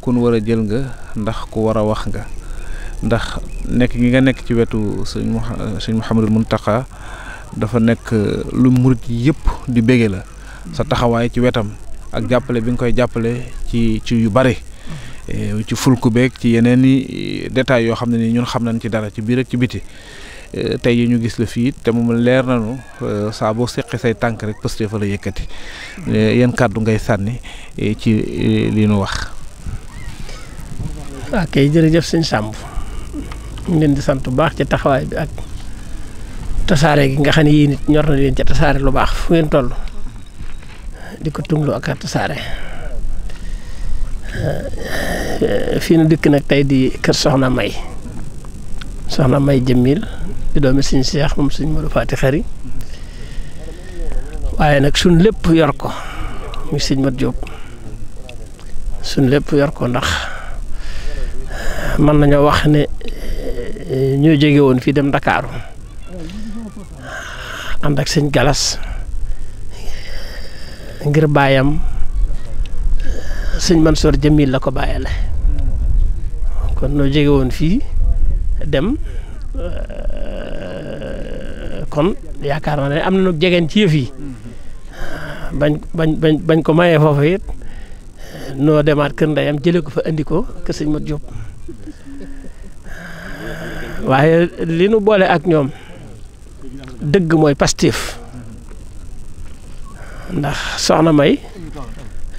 kun war a jël nga ndax ku war a wax nga ndax nekk gi nga nekk ci wetu sëñ sëñ Mouhamadul Mountakha dafa nekk eh, lu murit yëpp di bége la sa taxawaay ci wetam ak jàppale bi nga koy jàppale ci ci yu bari eh, ci fulku beeg ci yeneen i eh, détails yoo xam ne ni ñun xam nañ ci dara ci biir ak ci biti tey yi ñu gis la fii te moom leer nañu saaboo boo say tànk rek pëste fa yëkkati. Mm-hmm. yan kàddu ngay sànni ci li ñu wax. waaw kay jërëjëf sëñ Samb ñu leen di sant bu baax ci taxaway bi ak tassare gi nga xam yi it ñor na leen ci tassare lu baax fu ngeen tollu diko ko tunglu ak tassare eh, fi na dëkk nag tey di kër Soxna May Soxna May Jëmmil di doomi sëñ cheikh moom sëñ Modou Faty Khary waaye nag suñ lépp yor ko muy sëñ Mat Diop suñ lépp yor ko ndax mën nañoo wax ne eh, ñoo jóge woon fii dem ndakaaru ànd ak sëñ Galas ngir baayam sëñ Mansoor Jamil la ko bàyyale kon noo jóge woon fii dem eh, kon yaakaar naa ne am na nu jegeen ci yëf yi bañ bañ bañ bañ ko mayee foofu it eh, noo demaat kër ndeyam jële ko fa andi ko kër sëñ Mat Jóob waaye li nu boole ak ñoom dëgg mooy pastif ndax soxna May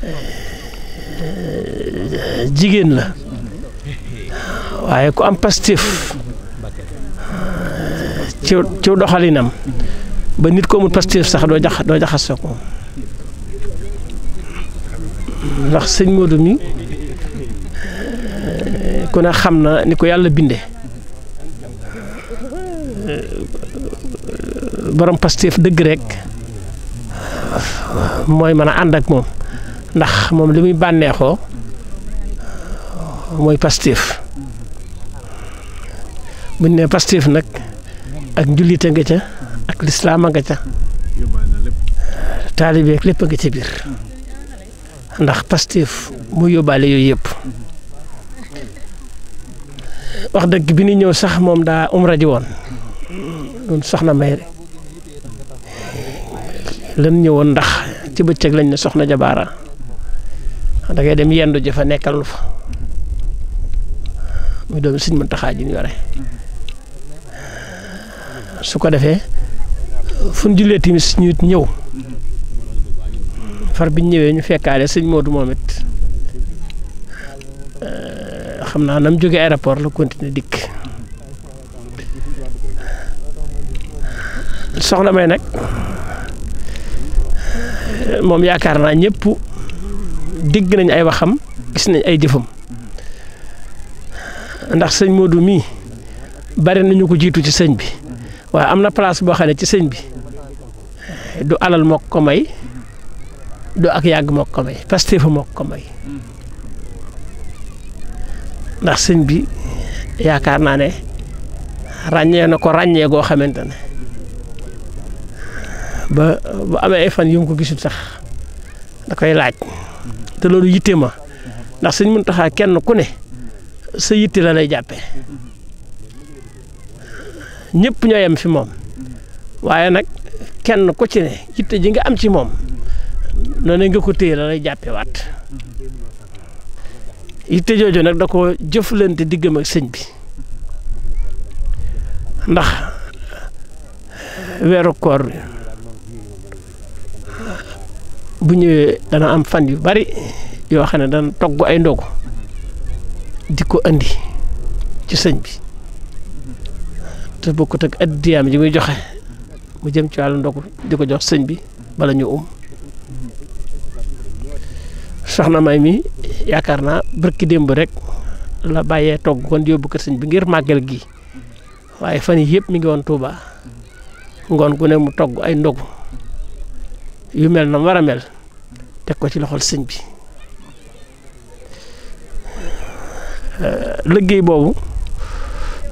eh, jigéen la waaye ku am pastif eh, ci ci doxalinam ba nit ko amul pastif sax doo jax doo jaxasoo ko ndax sëñ Modou mi eh, ku ne xam na ni ko yàlla binde boroom pastif dëgg rek mooy mën a ànd ak moom ndax moom li muy bànneexoo mooy pastif buñ ne pastif nag ak njullite nga ca ak lislaam nga ca taalibe lépp a nga ca biir ndax pastif mu yóbbaale yooyu yëpp wax dëgg bi ni ñëw sax moom daa umra ji woon soxna May lan ñëwoon ndax ci bëccëg lañ ne soxna jabaara da ngay dem yendu ji fa nekkal fa muy doom Sëñ Muntaxa ji ñu yore su ko defee fu ñu jullee timis ñu it ñëw far biñ ñëwee ñu fekkaale sëñ Modou moom it xam naa nam jóge aéroport la continuer dikk soxna may nag mom yaakar na ñepp degg nañ ay waxam gis nañ ay defum ndax señ Modou mi bari nañu ko jitu ci señ bi waaye amna place bo ci señ bi du alal mok ko may du ak yag mok ko may Pastef mok ko may ndax señ bi yaakar na ne ragne na ko ragne go xamantene ba ba amee ay fan yu ko gisul sax da koy laaj te loolu yitte ma ndax sëñ Muntaxa kenn ku ne sa yitte la lay jàppee ñoo yem fi moom waaye nag kenn ku ci ne ji nga am ci moom noonu nga ko téye la lay jàppee waat yitte jooju nag da ko jëflante diggam ak sëñ bi ndax weeru koor bi bu dana am fan yu bari yo xam ne dana togg ay ndogu di ko andi ci señ bi te bokkut ak addiyaam ji muy joxe mu jëm ci walu ndogu di ko jox señ bi bala ñu um soxna may mi yakarna barki demb rek la baye togg kon yóbbu kër señ bi ngir magal gi waye fan yi mi ngi won Touba ngon gu ne mu togg ay ndogu yu mel na war a mel teg ko ci loxol sëñ bi euh, liggéey boobu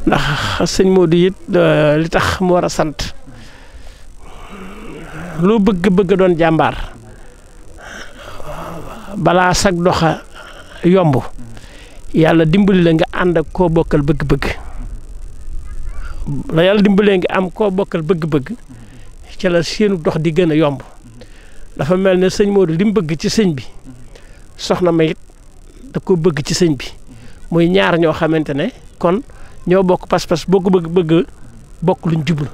ndax sëñ Modou it euh, li tax mu war a sant loo bëgg-bëgg doon jàmbaar balaa sag doxa yomb yàlla dimbali la nga ànd ak koo bokkal bëgg-bëgg la yàlla dimbalee nga am koo bokkal bëgg-bëgg ca la seenu dox di gën a yomb dafa mel ne sëñ Modou lim bëgg ci sëñ bi soxna ma it da ko bëgg ci sëñ bi muy ñaar ñoo xamante ne kon ñoo bokk pas-pas bokk bëgg bëgg bokk luñ jublu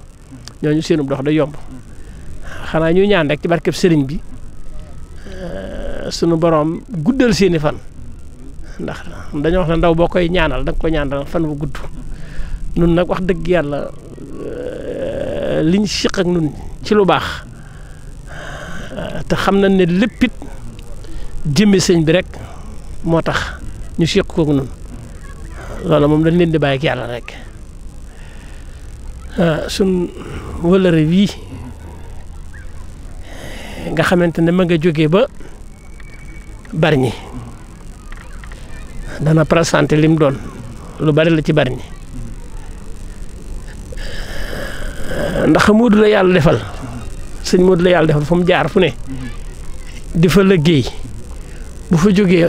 ñooñu seenu dox da yomb xanaa ñu ñaan rek ci barkeb sëriñ bi eh, suñu borom guddal seeni fan ndax dañu wax na ndaw boo koy ñaanal da ko ñaanal fan bu gudd nun nag wax dëgg yàlla eh, liñ siq ak nun ci lu baax te xam nañ ne léppit jëmmi sëñ bi rek moo tax ñu seq koog noonu loolu moom dañ leen di bàyyi ak yàlla rek ah, sun wëlëre wii nga xamante ne ma nga jógee ba Bargny dana présenté lim doon lu bari la ci Bargny ah, ndax Moodu la yàlla defal. sëñ Modou la yàlla defal fa mu jaar fu ne di fa liggéey bu fa jógee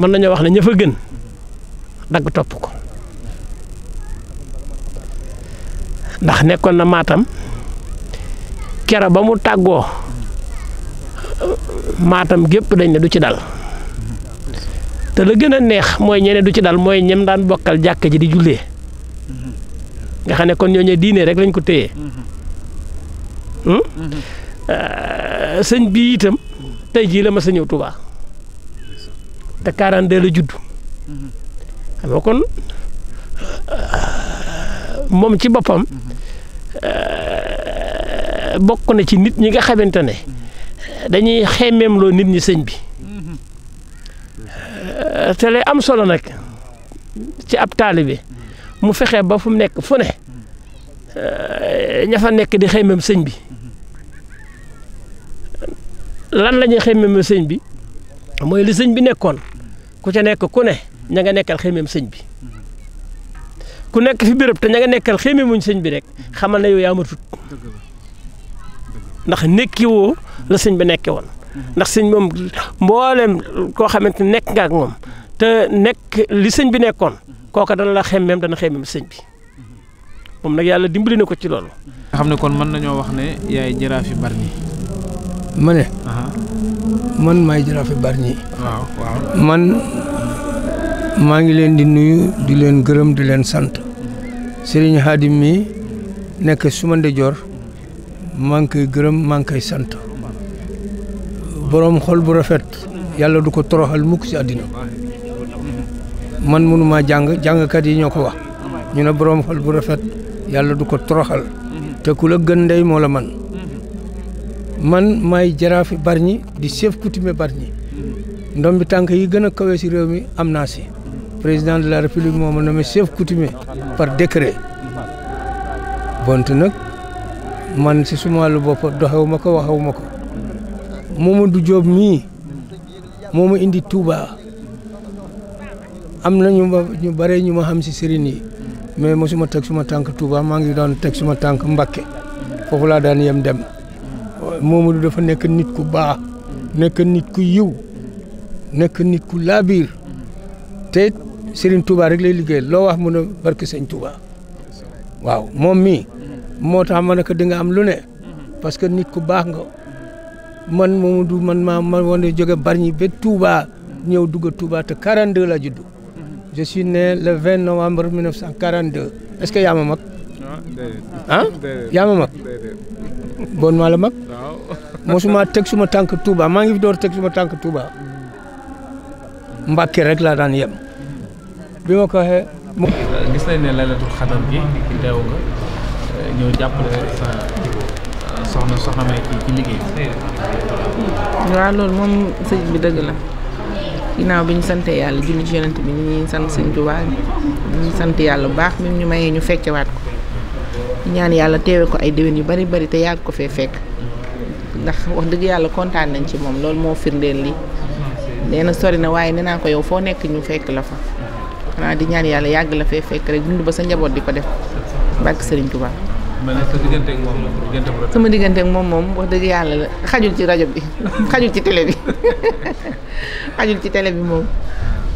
mën nañoo wax ne ña fa gën dagg topp ko ndax nekkoon na maatam kera ba mu tàggoo maatam gépp dañ ne du ci dal te la gën a neex mooy ñene du ci dal mooy ñem daan bokkal jàkka ji di jullee nga xam ne kon ñooñu diinee rek lañ ko téye Euh, sëñ bi itam tey jii la ma sa ñëw Touba te 42 la judd xam kon euh, moom ci boppam euh, bokk na ci nit ñi nga xamante ne dañuy xemmeemloo nit ñi sëñ bi te lay am solo nag ci ab bi mu fexe ba fu mu nekk fu ne ña fa nekk di xemmeem sëñ bi. lan la ñuy xemmeem sëñ bi mooy li sëñ bi nekkoon ku ci nekk ku ne ña nga nekkal xemmeem sëñ bi ku nekk fi béréb te ña nga nekkal xemmeemuñ sëñ bi rek xamal na yow yaa ma tut ndax nekki woo la sëñ bi nekke woon ndax sëñ moom mboolem koo xamante nekk nga ak moom te nekk li sëñ bi nekkoon kooka dana la xemmeem dana xemmeem sëñ bi moom nag yàlla dimbali na ko ci loolu. nga xam ne kon mën nañoo wax ne yaay jaraafi Bargny ma ne. man maay jaraafe Bargny. waaw waaw man maa ngi leen di nuyu di leen gërëm di leen sant Serigne Hadim mi nekk suma ndejoor maa ngi koy gërëm maa ngi koy sant borom xol bu rafet yàlla du ko toroxal mukk ci àddina man mënumaa jàng jàngkat yi ñoo ko wax ñu ne borom xol bu rafet yàlla du ko toroxal te ku la gën ndey moo la man man may jaraafi Bargny di chef coutume Bargny ndombi tank yi gëna kawé ci réew mi amna ci président de la république moo ma nommé chef coutume par décret bont nak man ci suma lu bop doxewu ma ko waxewu ma ko Mamadou Diop mii moo ma indi Touba amna ñu ñu bare ñu ma xam ci serigne yi mais mosuma tek suma tank Touba ma ngi doon tek suma tank mbacké fofu la daan yem dem momadou dafa nek nit ku baax nek nit ku yiw nek nit ku labir te Serigne Touba rek lay liggéey lo wax mu ne barke serigne Touba waaw mom mi motax tax ma ne di nga am lu ne parce que nit ku baax nga man momadou man ma man wane joge barni be Touba ñew dugg Touba te 42 la jiddu je suis né le 20 novembre 1942 est-ce que yama mak ah yaa ma bon maa la mag. waaw mosuma teg suma tànk Touba maa ngi fi door teg suma tànk Touba Mbàkke rek laa daan yem. bi ma ko waxee. gis nañ ne laylatul xadar gi teew loolu moom sëñ bi dëgg la. ginnaaw bi ñu sante yàlla julli ci yonent bi ñu ngi sant yàlla bu baax mi ñu mayee ñu fekkewaat ñaan yàlla teewe ko ay déwén yu bari bari te yàgg ko fee fekk ndax wax dëgg yàlla kontaan nañ ci moom loolu moo firndeel lii nee na sori na waaye nee naa ko yow foo nekk ñu fekk la fa xanaa di ñaan yàlla yàgg la fee fekk rek dund ba sa njaboot di ko def barke Sëriñ Tuubaa sama diggante moom moom wax dëgg yàlla la xajul ci rajo bi xajul ci télé bi moom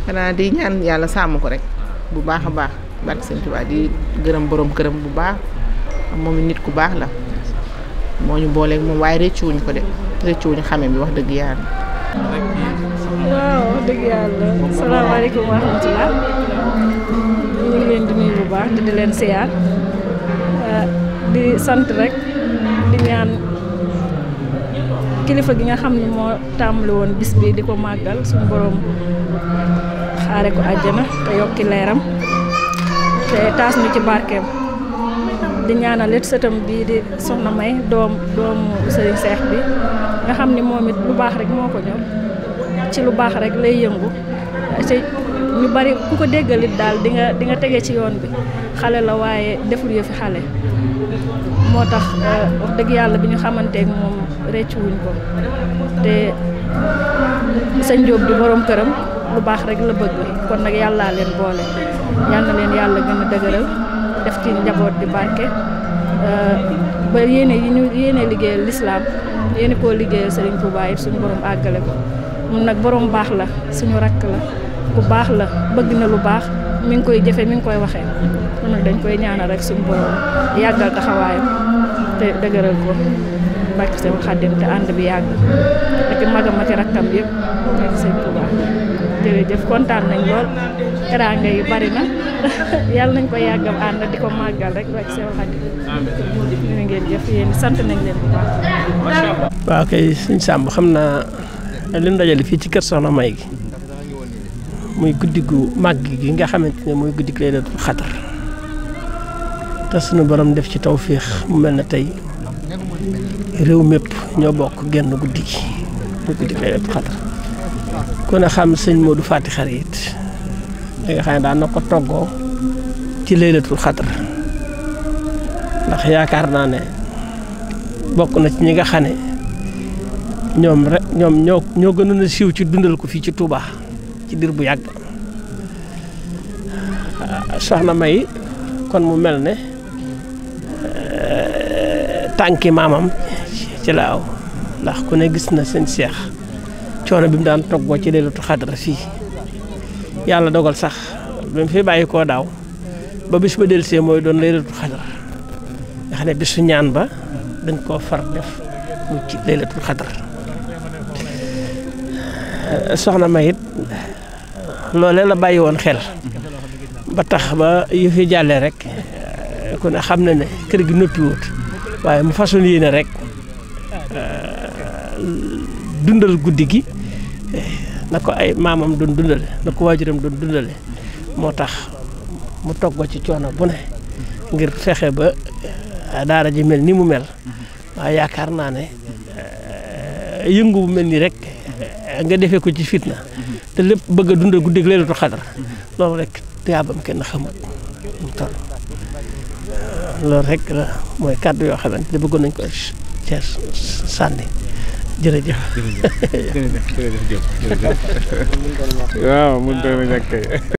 xanaa di ñaan yàlla sàmm ko rek bu baax a baax barke Sëriñ Tuubaa di gërëm boroom këram bu baax mom nit ku bax la moo ñu booleeg moom waaye rëccuwuñ ko de rëccuwuñ xamé bi wax deug yàlla. waaw wax dëgg yàlla salaamaaleykum wa rahmatulah ñu di nuyu bu baax di leen ah, di rek di ñaan kilifa gi nga xam ne moo tàmbali bis bi di ko suñu borom ko di ñaanal it sëtam bii di sonna may doom doomu sëriñ seex bi nga xam ni moom it lu baax rek moo ko ñor ci lu baax rek lay yëngu te ñu bari ku ko déggalit daal di nga di nga tege ci yoon bi xale la waaye deful yëfi xale moo tax euh, wax dëgg yàlla bi ñu xamanteeg moom recc wuñ ko te sëñ Jóob di borom këram lu baax rek la bëgg kon nag yàllaa leen boole yàlla gën a dëgëral def ci njaboot bi barke euh, ba yéene yi ñu yéene liggéeyal lislaam yéene koo liggéeyal Serigne Touba yëpp suñu borom àggale ko mun nag borom baax la suñu rakk la ku baax la bëgg na lu baax mi ngi koy jëfe mi ngi koy waxee mun nag dañ koy ñaanal rek suñu borom yàggal taxawaayam te dëgëral ko mbàkk seen xàddim te ànd bi yàgg ak magam ak rakkam yëpp nekk Serigne Touba jërëjëf kontaan nañ lool na yàlla nañ xam naa li ñu dajale fii ci kër Soxna May gi muy guddi gu màgg gi nga xam ne mooy guddi laylatul xadar te suñu borom def ci tawféex mu mel ne tey réew mépp ñoo bokk genn guddi gi muy guddi laylatul xadar ku ne xam sëñ Modou Fati Xarit li nga xam ne daan na ko toggoo ci laylatul xadr ndax yaakaar naa ne bokk na ci ñi nga xam ne ñoom rek ñoom ñoo ñoo gënoon siiw ci dundal ko fii ci Touba ci diir bu yàgg ah, soxna May kon mu mel ne eh, tànki maamam ci la aw ndax ku ne gis na sëñ Seex coono bi mu daan toggoo ci leelatu xadar fii yàlla dogal sax mu fi bàyyi koo daaw mooy doon leelatu xadar nga xam ñaan ba dañ koo far def mu ci leelatu xadar soxna Mayit loolee la bàyyi woon xel ba tax ba yu fi jàllee rek kon ne xam na ne kër gi noppiwut waaye mu façon yéene rek euh, dundal guddi gi na ko ay maamam doon dundale na ko waajuram doon dundale moo tax mu toggoo ci coono bu ne ngir fexe ba eh, daara ji mel ni mu mel waaye yaakaar naa ne eh, yëngu bu mel nii rek eh, nga defee ko ci fitna te lépp bëgg a dundal guddi leelatu xadar loolu rek tuyaabam kenn xamut mu toll loolu rek la mooy kàddu yoo xamante ne bëggoon nañ ko ci sànni jërëjëf jërëjëf jërëjëf waaw mun doon a ñàkk